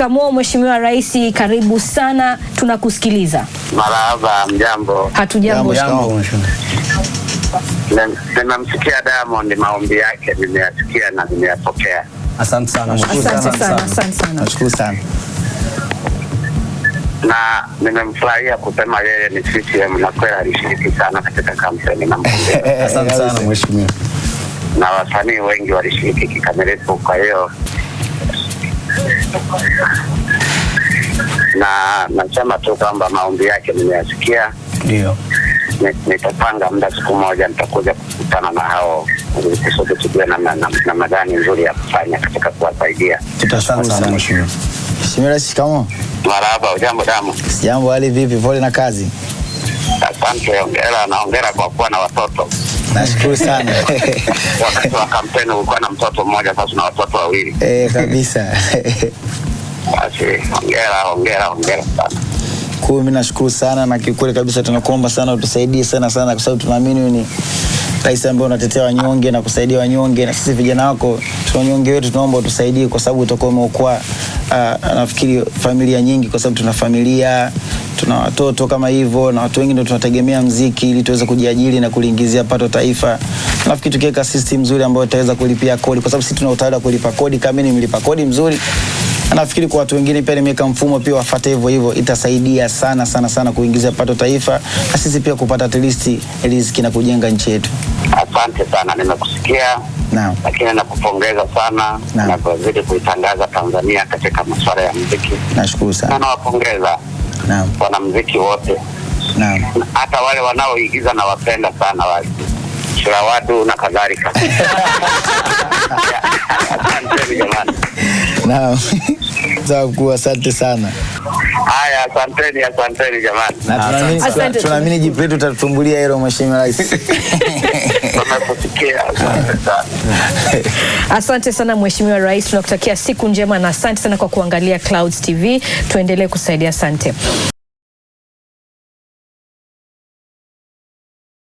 Shikamoo Mheshimiwa Rais, karibu sana, tunakusikiliza. Marahaba, mjambo? Hatujambo. Nimemsikia Diamond, maombi yake nimeyasikia na nimeyapokea. Asante sana, nashukuru sana na nimemfurahia kusema yeye ni CCM na kweli alishiriki sana katika kampeni na eh, asante eh, sana eh. mheshimiwa, na wasanii wengi walishiriki kikamilifu, kwa hiyo na nasema tu kwamba maombi yake nimeyasikia, ndio nitapanga muda, siku moja nitakuja kukutana na hao kusudi tujue namna gani nzuri ya kufanya katika kuwasaidia. Tutashukuru sana mheshimiwa. Mheshimiwa Rais, kama Marhaba. Ujambo damu? Sijambo. Hali vipi? Pole na kazi. Asante. ongera na kwa kuwa na watoto. Nashukuru sana. Wakati wa kampeni ulikuwa na mtoto mmoja, sasa una watoto wawili. Eh, kabisa. Basi, ongera ongera ongera sana. Kwa nashukuru sana na kiukweli kabisa tunakuomba sana utusaidie sana sana kwa sababu tunaamini ni rais ambaye unatetea wanyonge na kusaidia wanyonge, na sisi vijana wako tunanyonge wetu, tunaomba utusaidie kwa sababu utakuwa umeokoa, uh, nafikiri familia nyingi, kwa sababu tuna familia tuna watoto kama hivyo, na watu wengi ndio tunategemea mziki ili tuweze kujiajiri na kuliingizia pato taifa. Nafikiri tukiweka system nzuri ambayo itaweza kulipia kodi, kwa sababu sisi tuna utawala kulipa kodi. Kama mimi nimelipa kodi mzuri, nafikiri kwa watu wengine pia nimeweka mfumo pia wafuate hivyo hivyo, itasaidia sana sana sana kuingizia pato taifa na sisi pia kupata at least riziki na kujenga nchi yetu. Asante sana, nimekusikia Naam. Lakini nakupongeza sana na kuzidi kuitangaza Tanzania katika masuala ya muziki. Nashukuru sana. Na nawapongeza wanamziki wanamuziki wote hata wale wanaoigiza nawapenda sana wale Shirawadu na kadhalika. Asante jamani. Mkuu, asante sana. Haya, asanteni, asanteni jamani. Tunaamini jipu letu tutatumbulia hilo Mheshimiwa Rais. Asante sana. Asante sana Mheshimiwa Rais, tunakutakia siku njema na asante sana kwa kuangalia Clouds TV. Tuendelee kusaidia. Asante.